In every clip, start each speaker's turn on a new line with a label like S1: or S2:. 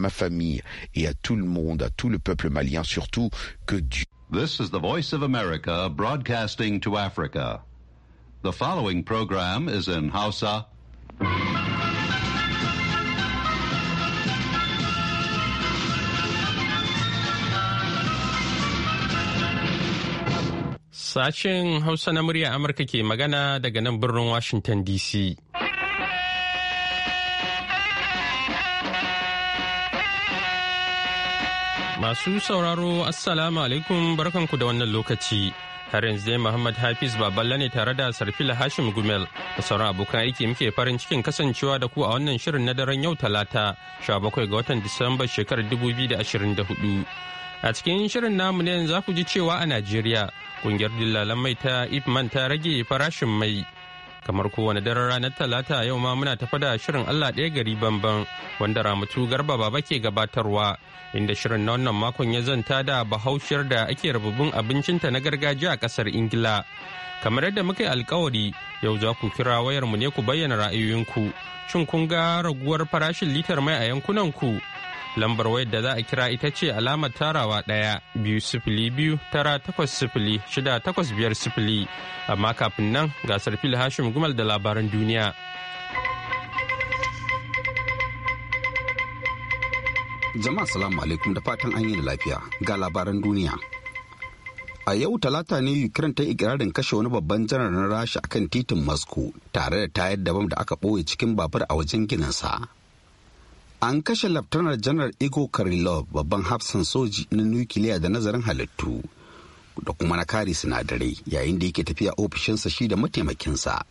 S1: ma famille et à tout le monde, à tout le peuple malien surtout, que Dieu. This is the voice of America broadcasting to Africa. The following program is in Hausa.
S2: Sashen Hausa na murya Amurka ke magana daga nan birnin Washington DC. Masu sauraro Assalamu alaikum barkanku da wannan lokaci. Har yanzu dai Muhammad Hafiz Baballa ne tare da Sarfila Hashim Gumel da sauran abokan aiki muke farin cikin kasancewa da ku a wannan shirin na daren yau Talata 17 ga watan Disamba shekarar 2024. A cikin shirin namu ne za ku ji cewa a Najeriya kungiyar dillalan mai ta Ipman ta rage farashin mai. kamar kowane daren ranar talata yau ma muna tafa da shirin allah ɗaya gari banban wanda ramatu garba baba ke gabatarwa inda shirin na wannan makon ya zanta da bahaushiyar da ake rububin abincinta na gargajiya a ƙasar ingila kamar yadda muka yi alkawari yau za ku kira wayar mu ne ku bayyana ra'ayoyinku shin kun ga raguwar farashin litar mai a yankunan ku lambar wayar da za a kira ita ce alamar tarawa ɗaya biyu sifili biyu tara takwas sifili shida takwas biyar sifili amma kafin nan gasar fil hashim gumal da labaran duniya
S1: jama'a salamu alaikum da fatan an yi da lafiya ga labaran duniya a yau talata ne ukraine ta ikirarin kashe wani babban janar na rasha akan titin moscow tare da tayar da bam da aka ɓoye cikin babur a wajen sa an kashe laftanar janar igor karilov babban hafsan soji na nukiliya da nazarin halittu da kuma na kare sinadarai yayin da yake tafiya ofishinsa shi da mataimakinsa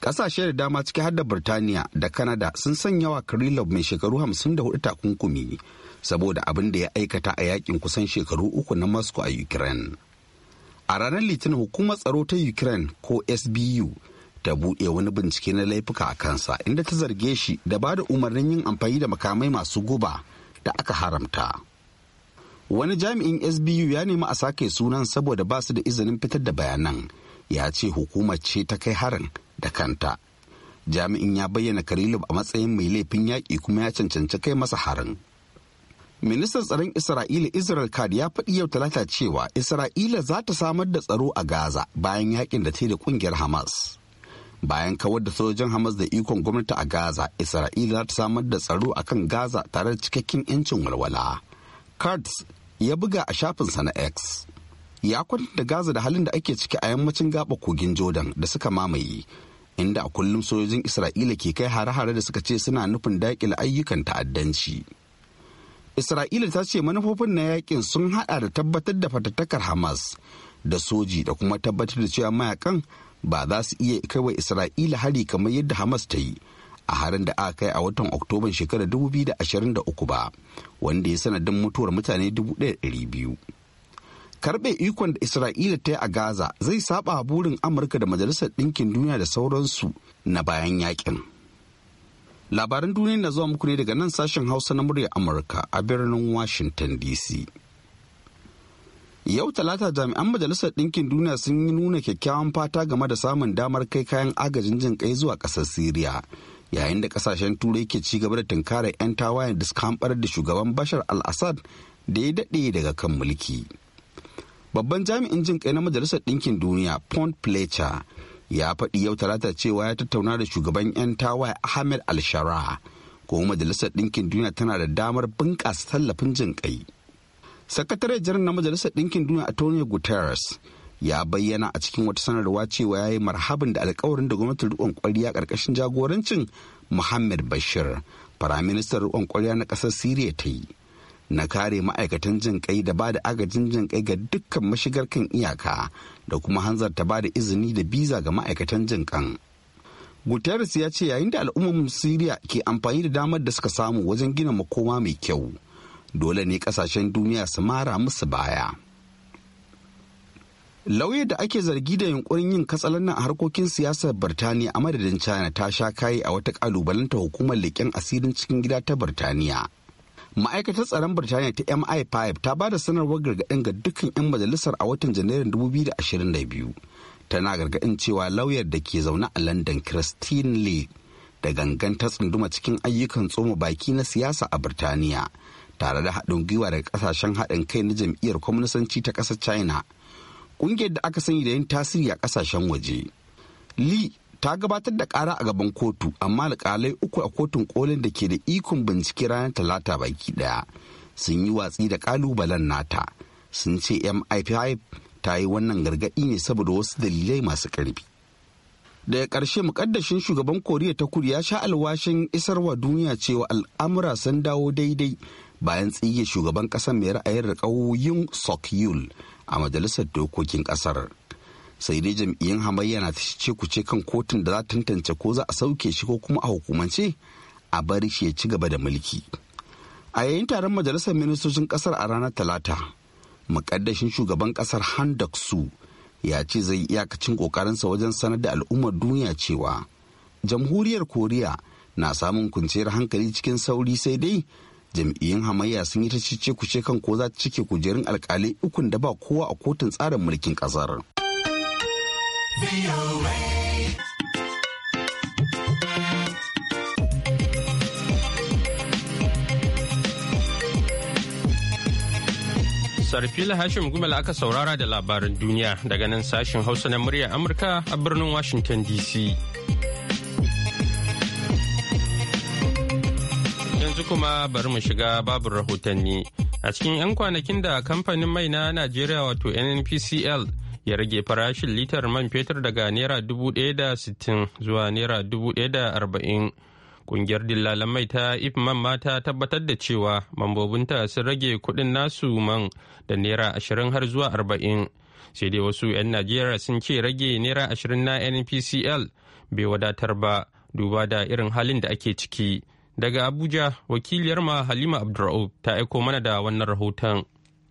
S1: kasashe da dama ciki har da birtaniya da kanada sun sanya wa karilov mai shekaru 54 takunkumi saboda abin da ya aikata a yakin kusan shekaru uku na moscow a ukraine a ranar litinin hukumar tsaro ta ukraine ko sbu ta buɗe wani bincike na laifuka a kansa inda ta zarge shi da ba da umarnin yin amfani da makamai masu guba da aka haramta. Wani jami'in SBU ya nemi a sake sunan saboda ba su da izinin fitar da bayanan ya ce hukumar ce ta kai harin da kanta. Jami'in ya bayyana Khalilub a matsayin mai laifin yaƙi kuma ya cancanci kai masa harin. Ministan tsaron Isra'ila Israel Kad ya faɗi yau talata cewa Isra'ila za ta samar da tsaro a Gaza bayan yaƙin da ta da ƙungiyar Hamas. bayan kawar da sojojin hamas da ikon gwamnati a gaza isra'ila ta samar da tsaro a kan gaza tare da cikakken 'yancin walwala kurds ya buga a shafinsa na x ya kwatanta gaza da halin da ake ciki a yammacin gaba kogin jordan da suka mamaye inda a kullum sojojin isra'ila ke kai hare-hare da suka ce suna nufin daƙile ayyukan ta'addanci isra'ila ta ce manufofin na yakin sun hada da tabbatar da fatattakar hamas da soji da kuma tabbatar da cewa mayakan ba za su iya kaiwa isra'ila hari kamar yadda hamas ta yi a harin da aka kai a watan oktoban shekarar uku ba wanda ya sanadin mutuwar mutane ɗaya 1,200 karbe ikon da isra'ila ta yi a gaza zai saɓa burin amurka da majalisar ɗinkin duniya da sauransu na bayan yakin labaran duniya na zuwa muku ne daga nan sashen hausa na murya amurka a birnin washington dc Yau talata jami'an Majalisar Ɗinkin Duniya sun yi nuna kyakkyawan fata game da samun damar kai kayan agajin jin kai zuwa ƙasar Siriya. Yayin da ƙasashen Turai ke ci gaba da tunkarar 'yan tawayen da suka hamɓar da shugaban Bashar al-Assad da ya daɗe daga kan mulki. Babban jami'in jin kai na Majalisar Ɗinkin Duniya, pont Fletcher, ya faɗi yau talata cewa ya tattauna da shugaban 'yan tawaye Ahmed al-Shara. Kuma Majalisar Ɗinkin Duniya tana da damar bunƙasa tallafin jinƙai. sakataren jiran na majalisar ɗinkin duniya antonio guterres ya bayyana a cikin wata sanarwa cewa ya yi marhabin da alkawarin da gwamnatin riƙon kwariya ƙarƙashin jagorancin muhammad bashir firaministan riƙon kwariya na ƙasar siriya ta yi na kare ma'aikatan jin kai da ba da agajin jin kai ga dukkan mashigar kan iyaka da kuma hanzarta ba da izini da biza ga ma'aikatan jin kan guterres ya ce yayin da al'ummar siriya ke amfani da damar da suka samu wajen gina makoma mai kyau dole ne kasashen duniya su mara musu baya lauya da ake zargi da yunkurin yin katsalannan a harkokin siyasar birtaniya a madadin china ta sha kayi a wata kalubalanta hukumar leƙen asirin cikin gida ta birtaniya ma'aikatar tsaron birtaniya ta mi5 ta ba da sanarwar gargaɗin ga dukkan 'yan majalisar a watan janairun 2022 tana gargaɗin cewa lauyar da ke zaune a london christine lee da gangan ta tsunduma cikin ayyukan tsoma baki na siyasa a birtaniya tare da haɗin gwiwa daga ƙasashen haɗin kai na jam'iyyar kwamnisanci ta ƙasar china ƙungiyar da aka sani da yin tasiri a ƙasashen waje li ta gabatar da ƙara a gaban kotu amma alƙalai uku a kotun kolin da ke da ikon bincike ranar talata baki ɗaya sun yi watsi da ƙalubalen nata sun ce mi5 ta yi wannan gargaɗi ne saboda wasu dalilai masu ƙarfi daga ƙarshe mukaddashin shugaban koriya ta kudu ya sha alwashin isarwa duniya cewa al'amura sun dawo daidai bayan tsige shugaban ƙasar mai ra'ayin riƙauyin sokyul a majalisar dokokin ƙasar sai dai jam'iyyun hamayya na ta ce ku ce kan kotun da za ta tantance ko za a sauke shi ko kuma a hukumance a bari shi ya ci gaba da mulki a yayin taron majalisar ministocin kasar a ranar talata mukaddashin shugaban kasar handak su ya ce zai iyakacin kokarinsa wajen sanar da al'ummar duniya cewa jamhuriyar koriya na samun kwanciyar hankali cikin sauri sai dai jam'iyyun hamayya sun yi ta cece kuce kan ko za ta cike kujerun alkalai ukun da ba kowa a kotun tsarin mulkin kasar.
S2: Sarfila Hashim Gumel aka saurara da labarin duniya daga nan sashin Hausa na murya Amurka a birnin Washington DC. yanzu kuma bari mu shiga babu rahotanni. A cikin 'yan kwanakin da kamfanin mai na Najeriya wato NNPCL ya rage farashin litar man fetur daga Naira sittin zuwa Naira arba'in ƙungiyar dillalan mai ta Ifman ma ta tabbatar da cewa mambobinta sun rage kuɗin nasu man da Naira ashirin har zuwa arba'in Sai dai wasu 'yan Najeriya sun ce rage Naira ashirin na NNPCL bai wadatar ba duba da irin halin da ake ciki. Daga Abuja, wakiliyar ma Halima Abdur'aub ta aiko mana da wannan rahoton.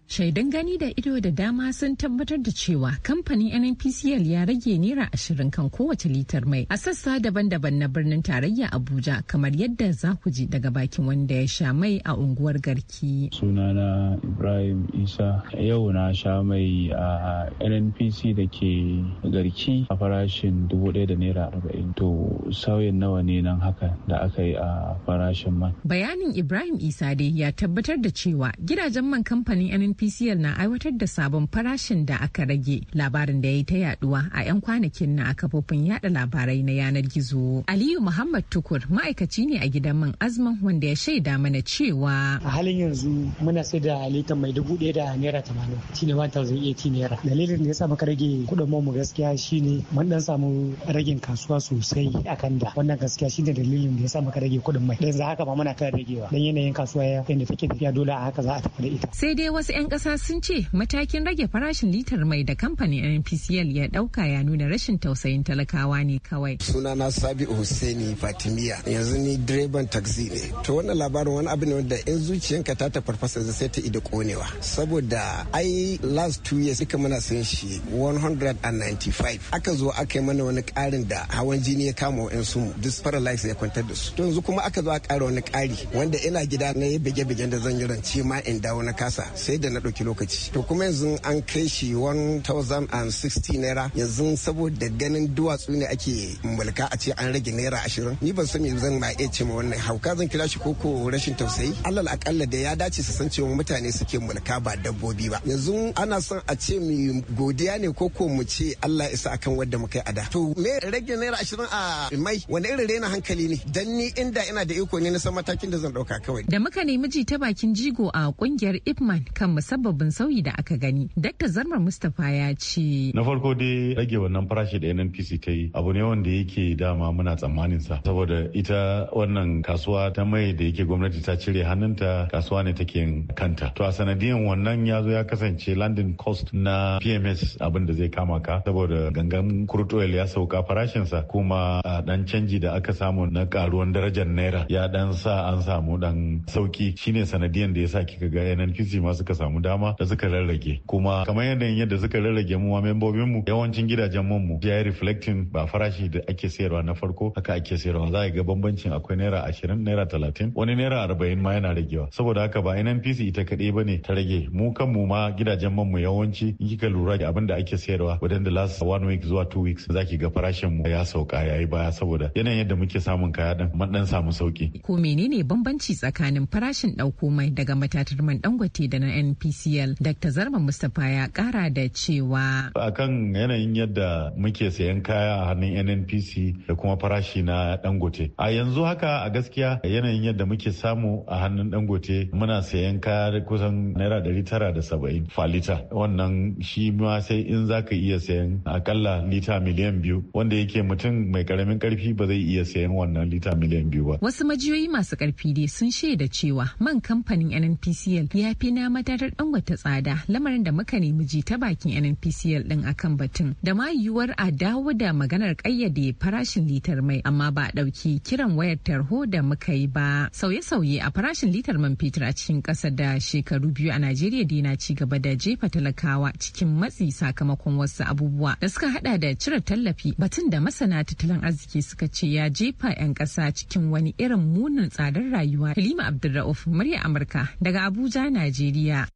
S3: shaidan gani da ido da dama sun tabbatar da cewa kamfanin nnpcl ya rage naira ashirin kan kowace litar mai a sassa daban-daban na birnin tarayya abuja kamar yadda za ku ji daga bakin wanda ya sha mai a unguwar garki sunana ibrahim isa
S2: yau na sha mai a
S4: nnpc da ke garki a farashin dubu ɗaya da naira arba'in to sauyin nawa ne nan haka da aka yi a farashin man
S3: bayanin ibrahim isa dai ya tabbatar da cewa gidajen man kamfanin NPCL na aiwatar da sabon farashin da aka rage labarin da ya yi ta yaduwa a 'yan kwanakin na a kafofin yada labarai na yanar gizo. Aliyu Muhammad Tukur ma'aikaci ne a gidan man azman wanda ya shaida mana cewa.
S5: A halin yanzu muna sai da halitta mai dubu ɗaya da naira tamanin shine 1080 naira. Dalilin da ya sa ka rage kuɗin mu gaskiya shine mun dan samu ragin kasuwa sosai a kan da wannan gaskiya shine dalilin da ya sa ka rage kuɗin mai. Dan za haka ma muna kan ragewa dan yanayin kasuwa yadda take tafiya dole a haka za a tafi da ita.
S3: Sai dai wasu 'yan kasa sun ce matakin rage farashin litar mai da kamfanin NPCL ya ɗauka ya nuna rashin tausayin talakawa ne kawai. Sunana
S1: Sabi Hussaini Fatimiya yanzu ni direban taxi ne. To wannan labarin wani abu ne wanda in zuciyanka ta ta farfasa sai ta ido konewa. Saboda ai last two years duka muna sayan shi 195. Aka zo aka yi mana wani ƙarin da hawan jini ya kama wa su duk paralyze ya kwantar da su. To yanzu kuma aka zo a kara wani kari wanda ina gida na yi bige-bigen da zan yi rance ma in dawo na kasa sai da na. na ɗauki lokaci to kuma yanzu an kai shi 1060 naira yanzu saboda ganin duwatsu ne ake mulka a ce an rage naira ashirin ni ban san me zan ma iya ce ma wannan hauka zan kira shi koko rashin tausayi alal akalla da ya dace su san cewa mutane suke mulka ba dabbobi ba yanzu ana son a ce mu godiya ne koko mu ce Allah isa akan wanda muka yi a da to me rage naira ashirin a mai wani irin rena hankali ne dan ni inda ina da iko ne na san matakin da zan ɗauka kawai
S3: da muka nemi ji ta bakin jigo a kungiyar ipman kan sababin sauyi da aka gani. Dr. Zarmar Mustapha
S4: ya ce. Na farko dai rage wannan farashi da NNPC ta yi abu ne wanda yake dama muna tsammanin sa saboda ita wannan kasuwa ta mai da yake gwamnati ta cire hannunta kasuwa ne take kanta. To a sanadiyan wannan ya zo ya kasance landing cost na PMS abin da zai kama ka saboda gangan crude ya sauka farashinsa kuma a dan canji da aka samu na karuwan darajar naira ya dan sa an samu dan sauki shine sanadiyan da ya sa kika ga NNPC ma suka samu samu dama da suka rarrage kuma kamar yanayin yadda suka rarrage mu ma membobin mu yawancin gidajen man mu ya reflecting ba farashi da ake sayarwa na farko haka ake sayarwa za a ga bambancin akwai naira ashirin naira talatin wani naira arba'in ma yana ragewa saboda haka ba NNPC ita kaɗai ba ne ta rage mu kan mu ma gidajen man mu yawanci in kika lura da abin da ake sayarwa wadan da last one week zuwa two weeks ki ga farashin mu ya sauka yayi baya saboda yanayin yadda muke samun kaya din mun dan samu sauki
S3: ko menene bambanci tsakanin farashin ɗauko mai daga matatar man dangote da na NPCL Dr. Zarma Mustapha ya kara da cewa.
S4: Akan yanayin yadda muke sayan kaya a hannun NNPC da kuma farashi na Dangote. A yanzu haka a gaskiya yanayin yadda muke samu a hannun Dangote muna sayan kaya kusan naira ɗari tara da saba'in falita Wannan shi ma sai in za ka iya sayan akalla lita miliyan biyu wanda yake mutum mai karamin karfi ba zai iya sayan wannan lita miliyan biyu ba.
S3: Wasu majiyoyi masu karfi dai sun shaida cewa man kamfanin NNPCL ya fi na madarar dan wata tsada lamarin da muka nemi ji ta bakin NNPCL ɗin akan batun da ma yiwuwar a dawo da maganar kayyade farashin litar mai amma ba a ɗauki kiran wayar tarho da muka yi ba. Sauye-sauye a farashin litar man fetur a cikin ƙasa da shekaru biyu a Najeriya da yana ci gaba da jefa talakawa cikin matsi sakamakon wasu abubuwa da suka hada da cire tallafi batun da masana tattalin arziki suka ce ya jefa 'yan ƙasa cikin wani irin munin tsadar rayuwa. Halima Abdulra'uf murya Amurka daga Abuja, Najeriya.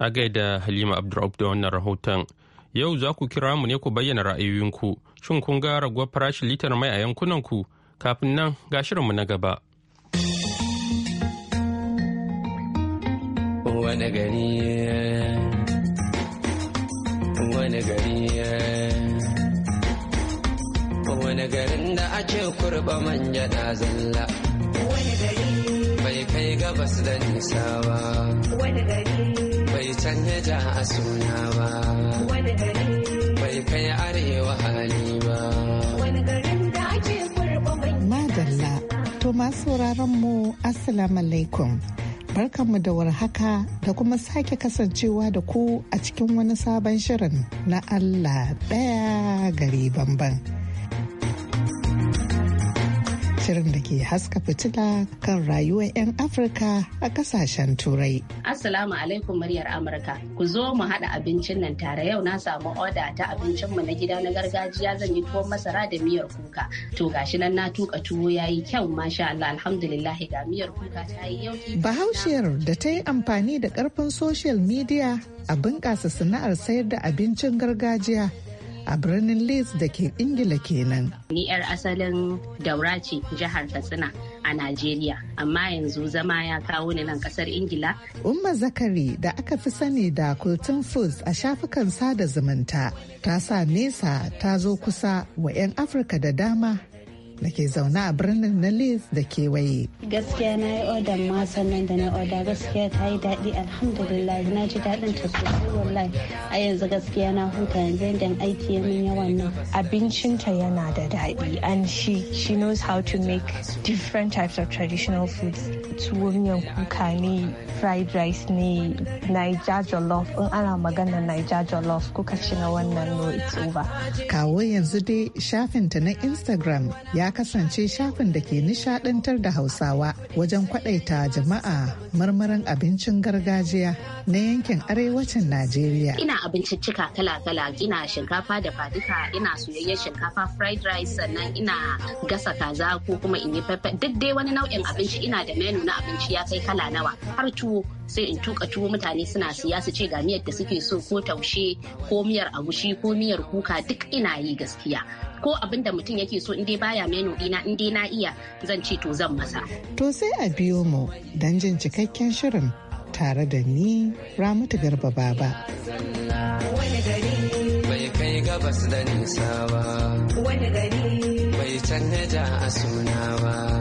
S2: a gaida halima abdurraub da wannan rahoton yau za ku kira mu ne ku bayyana ra'ayoyinku shin kun ga raguwar farashin litar mai a yankunanku kafin nan ga shirinmu na gaba wani gari
S4: wani gari wani garin da ake kurba manja na zalla
S3: wani gari
S4: bai kai gabas da nisa ba
S3: wani gari bai
S4: canja ja a suna ba
S6: bai kai arewa hali ba
S3: wani
S7: garin da ake
S8: madalla to sauraron mu assalamu alaikum barkanmu da warhaka da kuma sake kasancewa da ku a cikin wani sabon shirin na Allah ɗaya gari bamban shirin da ke haska fitila kan rayuwar 'yan Afirka a kasashen Turai.
S6: Assalamu alaikum muryar Amurka. Ku zo mu haɗa abincin nan tare yau na samu oda ta abincinmu na gida na gargajiya zan yi tuwon masara da miyar kuka. To gashi nan na tuka tuwo yayi kyau masha Allah alhamdulillah ga miyar kuka ta yi yau.
S8: Bahaushiyar da ta yi amfani da karfin social media a bunƙasa sana'ar sayar da abincin gargajiya a birnin Leeds da ke Ingila kenan.
S6: Ni 'yar asalin daura ce jihar Katsina a Najeriya, amma yanzu zama ya kawo ni nan kasar Ingila.
S8: Umma Zakari da aka fi sani da Kultun Foods a shafukan sada zumunta ta sa nesa ta zo kusa wa 'yan Afirka da dama da ke zaune a birnin na Leeds da kewaye.
S7: Gaskiya na yi odan ma sannan da na oda gaskiya ta yi daɗi alhamdulillah na ji daɗin ta sosai wallahi a yanzu gaskiya na huta yanzu yadda aiki ya min yawan nan. Abincinta yana da daɗi and she she knows how to make different types of traditional foods. Tuwo kuka ne, fried rice ne, Naija jollof in ana magana Naija jollof kuka ci na wannan no it's over.
S8: Kawo yanzu dai shafinta na Instagram ya kasance shafin da ke nishadantar da hausawa wajen kwadaita jama'a marmarin abincin gargajiya na yankin arewacin najeriya ina
S6: abinciccika kala-kala ina shinkafa da fadika ina soyayyen shinkafa fried rice sannan ina gasa kaza ko kuma in yi pepper duk dai wani nau'in abinci ina da menu na abinci ya kai kala nawa har tuwo sai in tuka tuwo mutane suna siya su ce ga miyar da suke so ko taushe ko miyar agushi ko miyar kuka duk ina yi gaskiya ko abin da mutum yake so in dai baya menu ɗina in dai na iya zan ce to zan masa.
S8: To sai a biyo mu don jin cikakken shirin tare da ni Ramutu Garba Baba. Bai
S3: kai ba.
S6: ba.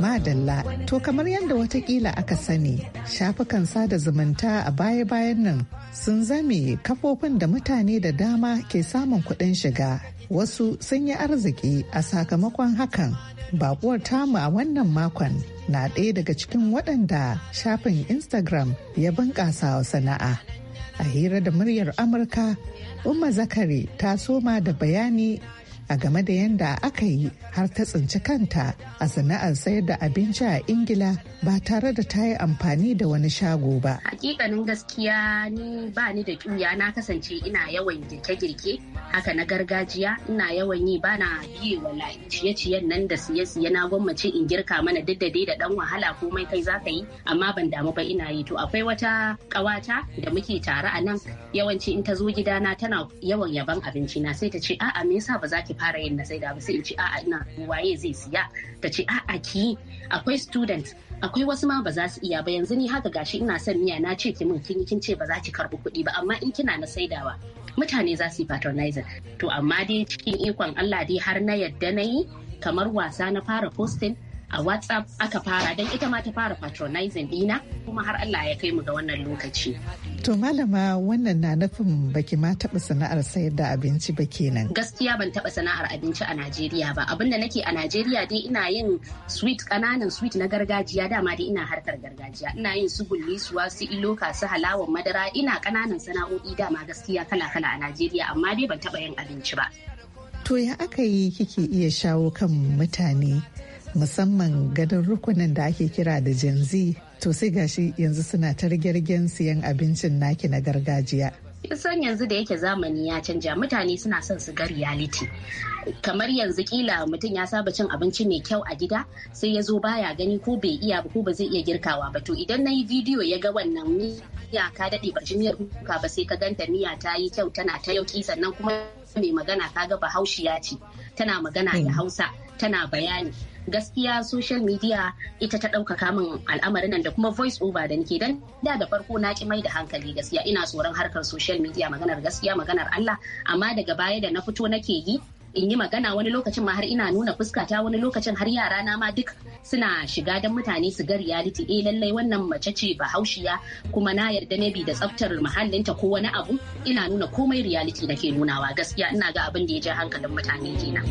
S8: Madalla, to kamar yadda watakila aka sani, shafukan sada zumunta a baya-bayan nan sun zame kafofin da mutane da dama ke samun kuɗin shiga wasu sun yi arziki a sakamakon hakan bakuwar tamu a wannan makon na ɗaya daga cikin waɗanda shafin instagram ya bunƙasa wa sana'a a hira da muryar amurka umma zakari ta soma da bayani a game da yadda aka yi har ta tsinci kanta a sana'ar sayar da abinci a ingila ba tare da ta yi amfani da wani shago ba
S6: hakikanin gaskiya ni ba ni da ƙiuya na kasance ina yawan girke-girke haka na gargajiya ina yawan yi bana biye wa ciye-ciyen nan da siye-siye na gwammace in girka mana duk da dai da dan wahala komai kai za ka yi amma ban damu ba ina yi to akwai wata kawata da muke tare a nan yawanci in ta zo gidana tana yawan yaban abinci na sai ta ce a'a me yasa ba za ki fara yin na saida ba sai in ce a'a ina waye zai siya ta ce a'a ki akwai student akwai wasu ma ba za su iya ba yanzu ni haka gashi ina son miya na ce ki mun kin kin ce ba za ki karbi kuɗi ba amma in kina na saidawa mutane za su yi patronizing to amma dai cikin ikon Allah dai har na yadda na yi kamar wasa na fara posting a whatsapp aka fara don ita ma ta fara patronizing dina kuma har allah ya kai mu ga wannan lokaci
S8: to malama wannan na nufin baki ma taɓa sana'ar sayar da abinci ba kenan
S6: gaskiya ban taɓa sana'ar abinci a najeriya ba abinda nake a najeriya dai ina yin sweet ƙananan sweet na gargajiya dama dai ina harkar gargajiya ina yin su gullisuwa su iloka su halawan madara ina ƙananan sana'o'i dama gaskiya kala-kala a najeriya amma dai ban taɓa yin abinci ba
S8: to ya aka yi kike iya shawo kan mutane musamman gadon rukunin da ake kira da Gen to sai gashi yanzu suna ta siyan abincin naki na gargajiya.
S6: san yanzu da yake zamani ya canja mutane suna son su ga reality kamar yanzu kila mutum ya saba cin abinci mai kyau a gida sai ya zo baya gani ko bai iya ba ko ba zai iya girkawa ba to idan na yi bidiyo ya ga wannan miya ka daɗe ba miyar kuka ba sai ka ganta miya ta yi kyau tana ta yauki sannan kuma mai magana ka ga bahaushiya ce tana magana da hmm. hausa tana bayani gaskiya social media ita ta ɗaukaka min al'amarin nan da kuma voice over da nake dan da da farko na ki mai da hankali gaskiya ina tsoron harkar social media maganar gaskiya maganar Allah amma daga baya da na fito nake yi in yi magana wani lokacin ma har ina nuna fuskata wani lokacin har yara na ma duk suna shiga don mutane su ga reality eh lallai wannan mace ce bahaushiya kuma na yarda ne bi da tsaftar muhallinta ko wani abu ina nuna komai reality nake nunawa gaskiya ina ga abin da ya ji
S8: hankalin mutane kenan.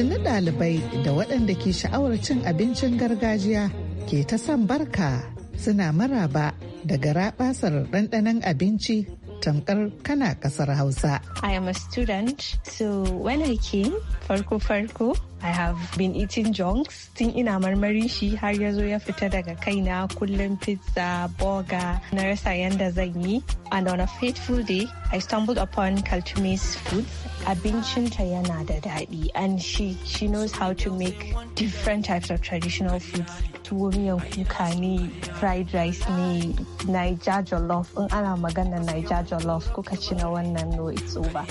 S8: tuni ɗalibai da waɗanda ke sha'awar cin abincin gargajiya ke ta son barka suna maraba da garaɓasar ɗanɗanon abinci tamkar kana ƙasar hausa.
S7: I am a student, so when I came, farko-farko, I have been eating junks tun ina marmari shi har ya zo ya fita daga kaina kullum pizza, burger, na rasa yanda zan yi. And on a fateful day, I stumbled upon Kaltume's foods. Abincinta yana da daɗi and she, she knows how to make different types of traditional foods. Tuwo miyan kuka ne, fried rice ne, Niger jollof. In ana maganan Niger jollof kuka ci na wannan no it's over.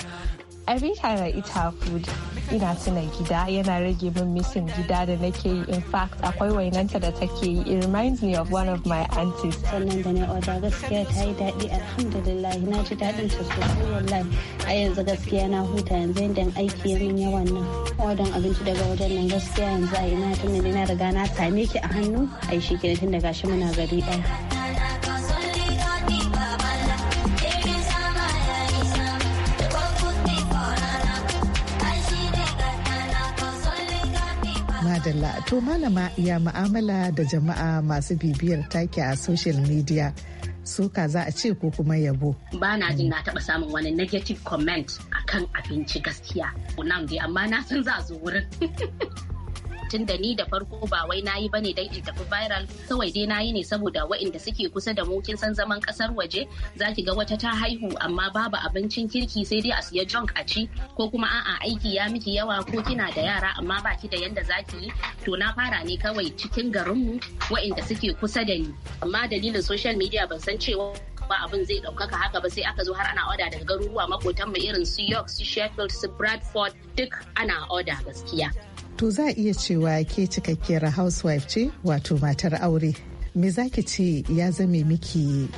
S7: every time I eat her food, ina tuna gida yana rage min missing gida da nake yi in fact akwai wainanta da take yi it reminds me of one of my aunties sannan da na order gaskiya ta yi daɗi alhamdulillah na ji daɗin ta sosai wallahi a yanzu gaskiya na huta yanzu yadda aiki ya min yawan nan odan abinci daga wajen nan gaskiya yanzu a ina tun da na riga na same ki a hannu ai shi ke tun da gashi muna gari ɗaya
S8: madalla to malama ya ma'amala da jama'a masu bibiyar take a social media suka za a ce ko kuma yabo.
S6: Ba na jin na taɓa samun wani negative comment akan abinci gaskiya. Nan dai amma na san za a zo wurin. tun da ni da farko ba wai nayi bane dan in tafi viral kawai dai nayi ne saboda waɗanda suke kusa da mu kin san zaman kasar waje zaki ga wata ta haihu amma babu abincin kirki sai dai a siya junk a ci ko kuma a'a aiki ya miki yawa ko kina da yara amma baki da yanda zaki yi to na fara ne kawai cikin garinmu waɗanda suke kusa da ni amma dalilin social media ban san cewa ba abin zai ɗaukaka haka ba sai aka zo har ana oda daga garuruwa makotan mu irin su york su sheffield su bradford duk ana oda gaskiya
S8: to za a iya cewa ke cikakkiyar housewife ce wato matar aure me za ki ce ya zame miki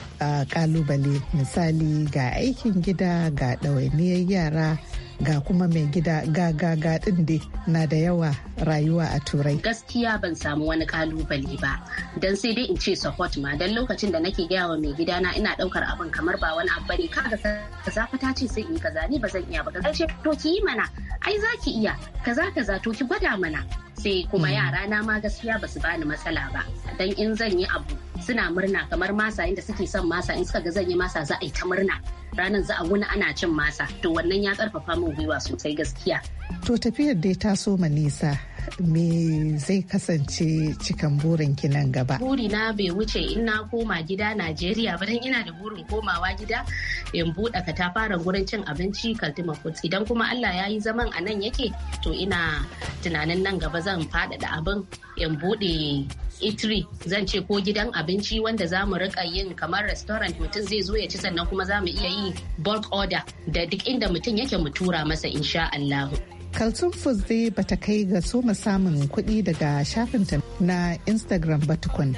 S8: kalubale ah, misali ga aikin gida ga ɗawainiyar yara ga kuma mai gida gaga din dai na da yawa rayuwa a turai
S6: gaskiya ban samu wani kalubale ba dan sai dai in ce support ma dan lokacin da nake gaya wa mai gida na ina daukar abin kamar ba wani abu bane kaga kaza fa ta ce sai in yi kaza ni ba zan iya ba Ka ce to ki yi mana ai zaki iya kaza kaza to ki gwada mana sai kuma mm. yara na ma gaskiya basu bani matsala ba dan in zan yi abu suna murna kamar masa inda suke son masa in suka ga zan yi masa za a yi ta murna ranar za a wuni ana cin masa to wannan ya karfafa min gwiwa sosai gaskiya
S8: to tafiyar dai ta soma nisa me zai kasance cikin burin ki nan gaba? Buri
S6: na bai wuce in na koma gida Najeriya ba ina da burin komawa gida in buɗe katafaren gurin cin abinci Kaltima Foods idan kuma Allah ya yi zaman a nan yake to ina tunanin nan gaba zan faɗaɗa abin in buɗe itri zan ce ko gidan abinci wanda za mu rika yin kamar restaurant mutum zai zo ya ci sannan kuma za mu iya yi bulk order da duk inda mutum yake mu tura masa insha Allahu.
S8: kalsun zai ba bata kai ga soma samun kuɗi daga shafinta na instagram ba tukun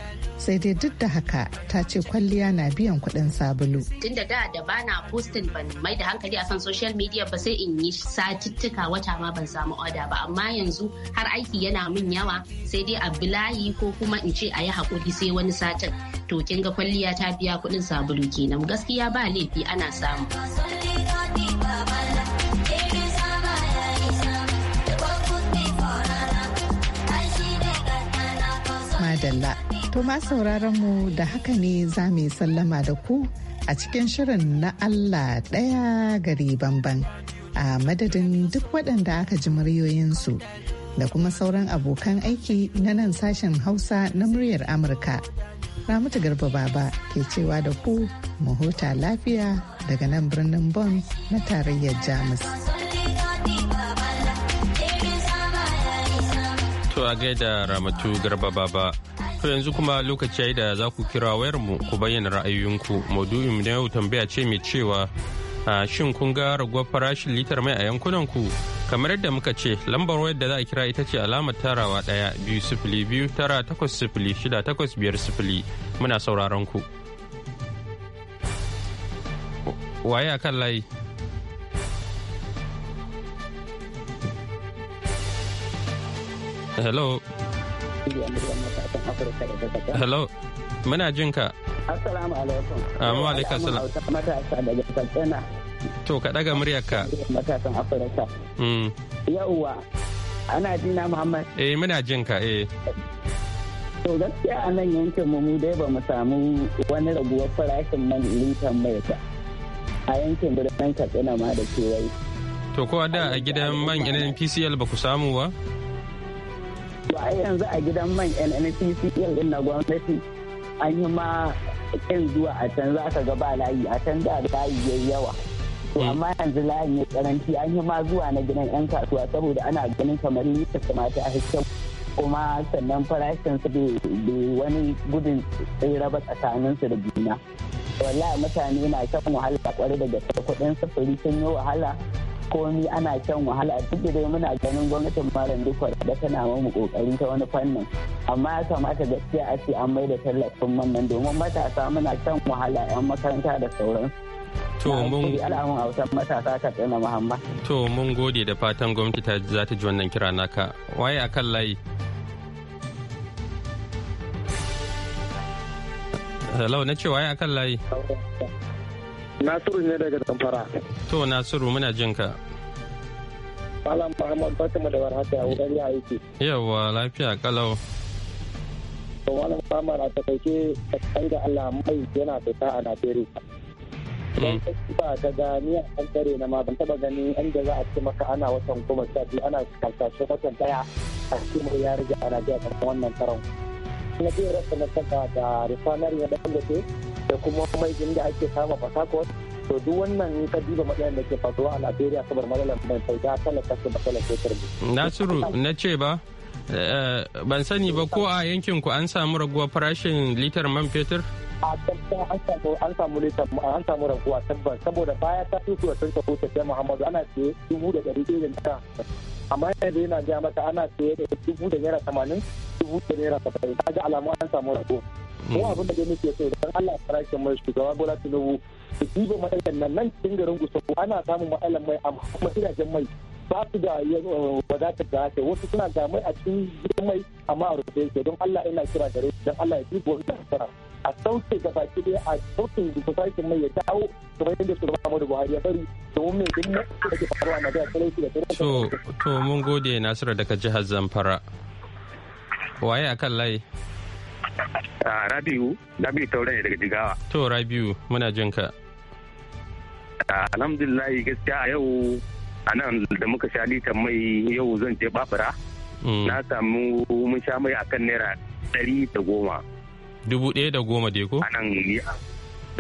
S8: sai dai duk da haka ta ce kwalliya na biyan kuɗin sabulu
S6: tunda da da bana postin ban mai da hankali a akan social media ba sai in yi satittika wata ma ban samu oda ba amma yanzu har aiki yana min yawa sai dai a bilayi ko kuma in ce a yi haƙuri sai wani satin to kin ga kwalliya ta biya kuɗin sabulu kenan gaskiya ba laifi ana samu.
S8: Dalla. To ma sauraron mu da haka ne za mu sallama da ku a cikin shirin na Allah ɗaya gari banban a madadin duk waɗanda aka ji muryoyinsu da kuma sauran abokan aiki na nan sashen Hausa na muryar Amurka. Ramatu Garba Baba ke cewa da ku mu huta lafiya daga nan birnin Bonn na tarayyar Jamus.
S2: To a gaida Ramatu Garba Baba. To yanzu kuma lokaci ya yi da za ku kira wayarmu ku bayyana ra'ayoyinku. Maudu'in na yau tambaya ce mai cewa a shin kun ga raguwar farashin litar mai a yankunan ku? Kamar yadda muka ce lambar wayar da za a kira ita ce alamar tarawa ɗaya biyu sifili biyu tara takwas sifili shida takwas biyar sifili muna sauraron ku. Waye a kan layi? Hello. Hello. Muna jin ka.
S9: Assalamu alaikum. Amma ah, alaikum salam. Matasa daga Katsina.
S2: To ka daga muryar ka.
S9: Matasan Afirka. Mm. Yawwa. Ana jina Muhammad.
S2: Eh muna jin ka eh.
S9: To gaskiya a nan yankin mu dai ba mu samu wani raguwar farashin man litan mai ba. A yankin birnin Katsina ma da kewaye.
S2: To ko da a gidan man NPCL ba ku samu ba?
S9: ai yanzu a gidan man NNCCL din na gwamnati an yi ma kin zuwa a can za ka ga ba layi a can da layi yayi yawa to mm. amma yanzu layin ya karanci an yi ma zuwa na gidan yan kasuwa saboda ana ganin kamar ni ta kamata a kyau kuma sannan farashin su bai wani gudun tsira ba tsakanin su da juna wallahi mutane na shan wahala kwarai daga kuɗin sufuri sun yi wahala komi ana shan wahala duk da dai muna ganin gwamnatin malam duk da tana mamu kokarin ta wani fannin amma ya kamata gaskiya a ce an mai da tallafin man nan domin matasa muna shan wahala 'yan makaranta da sauransu To mun al'amun hausan matasa ka tsina Muhammad.
S2: To mun gode da fatan gwamnati ta za ta ji wannan kira naka. Waye akan layi? Hello na ce waye akan layi?
S5: Nasiru ne daga Zamfara.
S2: To Nasiru muna jin ka.
S5: Muhammadu Muhammad Fatima da warhaka a wurin ya aiki.
S2: Yawwa lafiya kalau.
S5: To Malam Muhammad a takaice a kan da Allah mai yana fita a Najeriya. Hmm. Don ba ta ga ni an tare na ma ban taba ganin inda za a ce maka ana watan goma sha biyu ana karkashin watan daya a cikin ya rage a Najeriya wannan karon. Na biyar rasa na saka da rufanar ya da ke da kuma mai da ake samu fasako to duk wannan ka duba matsalar da ke faruwa a Najeriya saboda matsalar mai fauta talaka ce matsalar fetur
S2: Nasiru na ce ba eh, ban sani ba ko a yankin ku an samu raguwar farashin litar man fetur
S5: an samu litar an samu raguwa tabbas saboda baya ta fito a tunta kuka da Muhammadu ana ce dubu da ɗari ɗaya da amma yanzu yana gaya mata ana ce da dubu da naira tamanin dubu da naira saba'in ta ga alamu an samu raguwa mu abin da muke so idan Allah farashin mai shugaba Bola Tinubu da diba matsalan nan nan cikin garin Gusau ana samun matsalan mai amma gidajen mai ba su da eh, wadatar da haka wasu suna ga mai a cikin gidan mai amma a rufe yake don Allah ina kira gare don Allah ya diba wannan nasara a sauke ga baki ɗaya a saukin kusakin mai ya dawo kamar yadda shugaba Muhammadu Buhari ya bari domin mai duk da ke
S2: faruwa na da talauci da To, to mun gode Nasiru daga jihar Zamfara. Waye akan layi? Rabiu, Rabiu Taure ne daga Jigawa. To Rabiu, muna jin ka. Alhamdulillah gaskiya a yau
S10: a nan da muka sha lita mai yau zan je babura. Mm. Na samu mun sha mai akan naira ɗari da goma.
S2: Dubu ɗaya da goma dai ko? A nan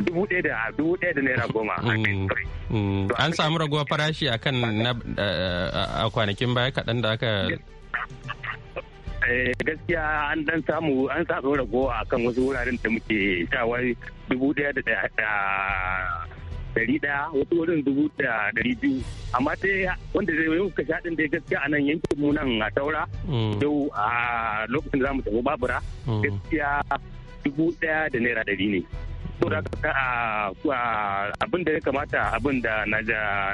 S10: dubu ɗaya da naira goma.
S2: Mm. Mm. An samu ragowar farashi akan a kwanakin baya kaɗan da aka Eh,
S10: gaskiya an dan samu an samu a kan wasu wuraren da muke shawar dubu daya da dari daya wasu wurin dubu da dari biyu amma dai wanda zai yi kasha din dai gaskiya a nan yankin mu nan a taura mm. yau a lokacin da za mu tafi babura mm. gaskiya dubu daya da naira dari ne so da abin da ya kamata abin da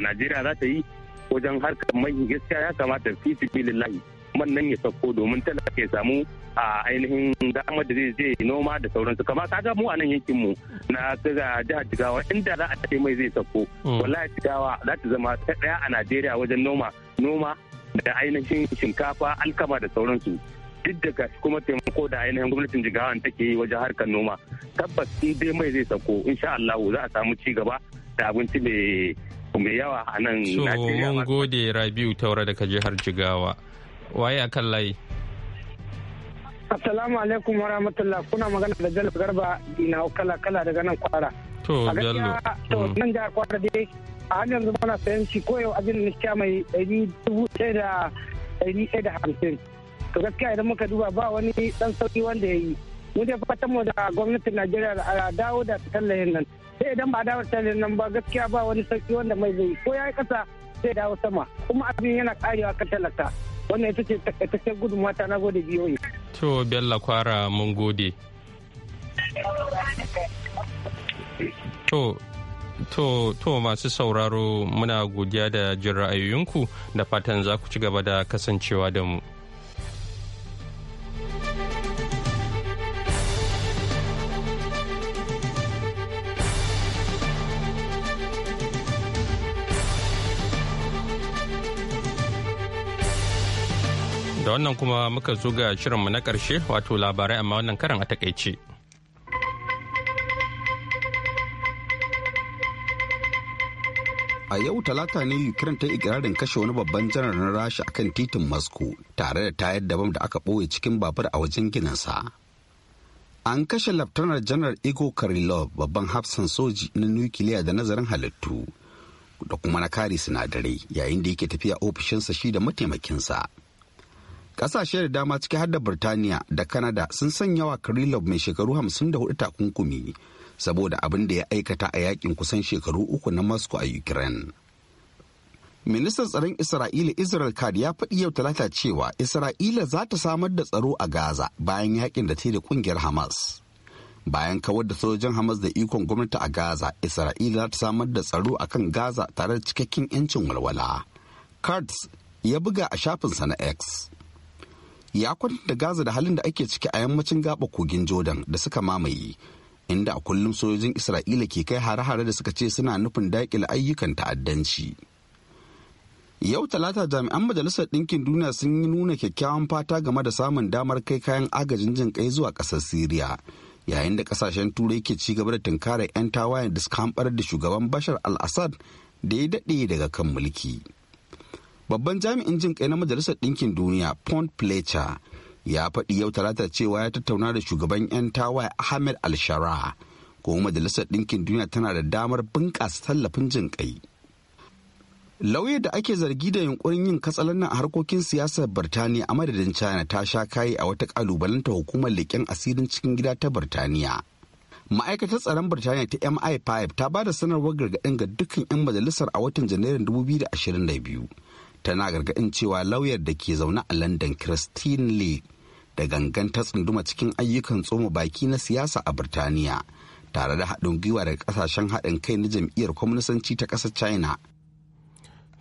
S10: najeriya za ta yi wajen harkar mai gaskiya ya kamata fi fi lillahi man nan ya sauko domin talaka ya samu a ainihin damar da zai je noma da sauransu kama kaga mu a nan yankin mu na ga jihar jigawa inda za a ce mai zai sauko mm. wallahi jigawa za ta zama ta daya a najeriya wajen noma noma da ainihin shinkafa alkama da sauransu duk da gashi kuma taimako da ainihin gwamnatin jigawa jigawan take yi wajen harkar noma tabbas in dai mai zai sauko insha Allah za a samu ci gaba da abinci mai yawa a nan Najeriya.
S2: So mun gode Rabiu Taura daga jihar Jigawa. waye a kan layi
S5: Assalamu alaikum wa rahmatullah kuna magana da Jalo Garba ina kala kala daga nan kwara.
S2: To Jalo. To
S5: mm. nan da kwara dai a hannun yanzu muna sayan shi ko yau abin nishiya mai ɗari dubu ɗaya da ɗari ɗaya da hamsin. To gaskiya idan muka duba ba wani ɗan sauki wanda ya yi. Mu dai fatan mu da gwamnatin Najeriya a dawo da tallayin nan. Sai idan ba a dawo da tallayin nan ba gaskiya ba wani sauki wanda mai zai ko ya yi ƙasa zai dawo sama kuma abin yana karewa kan talaka. wannan ita ce takaitaccen gudunmuwa ta na gode biyoyi.
S2: to bella kwara mun gode to To, to masu sauraro muna godiya da jin ra'ayoyinku da fatan za ku ci gaba da kasancewa da mu. da wannan kuma muka zo ga shirinmu na ƙarshe wato labarai amma wannan karan a takaice.
S1: a yau talata ne ukraine ta ikirarin kashe wani babban janar na rasha akan titin moscow tare da tayar da bam da aka ɓoye cikin babur a wajen ginansa an kashe laftanar janar igor karilov babban hafsan soji na nukiliya da nazarin halittu da kuma na kare sinadarai yayin da yake tafiya ofishinsa shi da mataimakinsa Kasashe da dama ciki har da Birtaniya da Kanada sun sanya wa Kirillov mai shekaru 54 takunkumi saboda abin da ya aikata a yakin kusan shekaru uku na Moscow a Ukraine. Ministan tsaron Isra'ila Israel Kad ya faɗi yau talata cewa Isra'ila za ta samar da tsaro a Gaza bayan yakin da ta da ƙungiyar Hamas. Bayan kawar da sojojin Hamas da ikon gwamnati a Gaza, Isra'ila za ta samar da tsaro a kan Gaza tare da cikakken 'yancin walwala. Cards ya buga a shafinsa na X. ya kwatanta gaza da halin da ake ciki a yammacin gaba kogin jordan da suka mamaye inda a kullum sojojin isra'ila ke kai hare-hare da suka ce suna nufin daƙile ayyukan ta'addanci yau talata jami'an majalisar ɗinkin duniya sun yi nuna kyakkyawan fata game da samun damar kai kayan agajin jin kai zuwa ƙasar siriya yayin da ƙasashen turai ke ci gaba da tunkarar 'yan tawayen da suka hamɓar da shugaban bashar al-assad da ya daɗe daga kan mulki. babban jami'in jin kai na majalisar ɗinkin duniya pond fletcher ya faɗi yau talata cewa ya tattauna da shugaban 'yan tawaye ahmed alshara kuma majalisar ɗinkin duniya tana da damar bunƙasa tallafin jin kai lauye da ake zargi da yunkurin yin katsalannan a harkokin siyasar birtaniya a madadin china ta sha kayi a wata kalubalanta hukumar leƙen asirin cikin gida ta birtaniya ma'aikatar tsaron birtaniya ta mi5 ta ba da sanarwar gargaɗin ga dukkan 'yan majalisar a watan janairun 2022 tana gargaɗin cewa lauyar da ke zaune a london christine lee da gangan ta tsunduma cikin ayyukan tsoma baki na siyasa a birtaniya tare da haɗin gwiwa daga ƙasashen haɗin kai na jam'iyyar kwamnisanci ta ƙasar china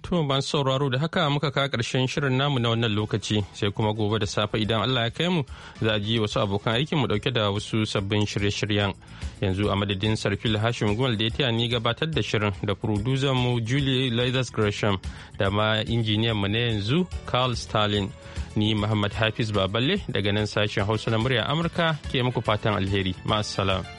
S2: To masu sauraro da haka muka kawo karshen shirin namu na wannan lokaci sai kuma gobe da safe idan Allah ya kai mu za a ji wasu abokan aikin mu dauke da wasu sabbin shirye-shiryen. Yanzu a madadin Sarfil Hashim Gumal da ya taya ni gabatar da shirin da producer mu Julie Leathers Gresham da ma injiniyan mu na yanzu Carl Stalin. Ni Muhammad Hafiz Baballe daga nan sashen Hausa na murya Amurka ke muku fatan alheri. Ma'assalam.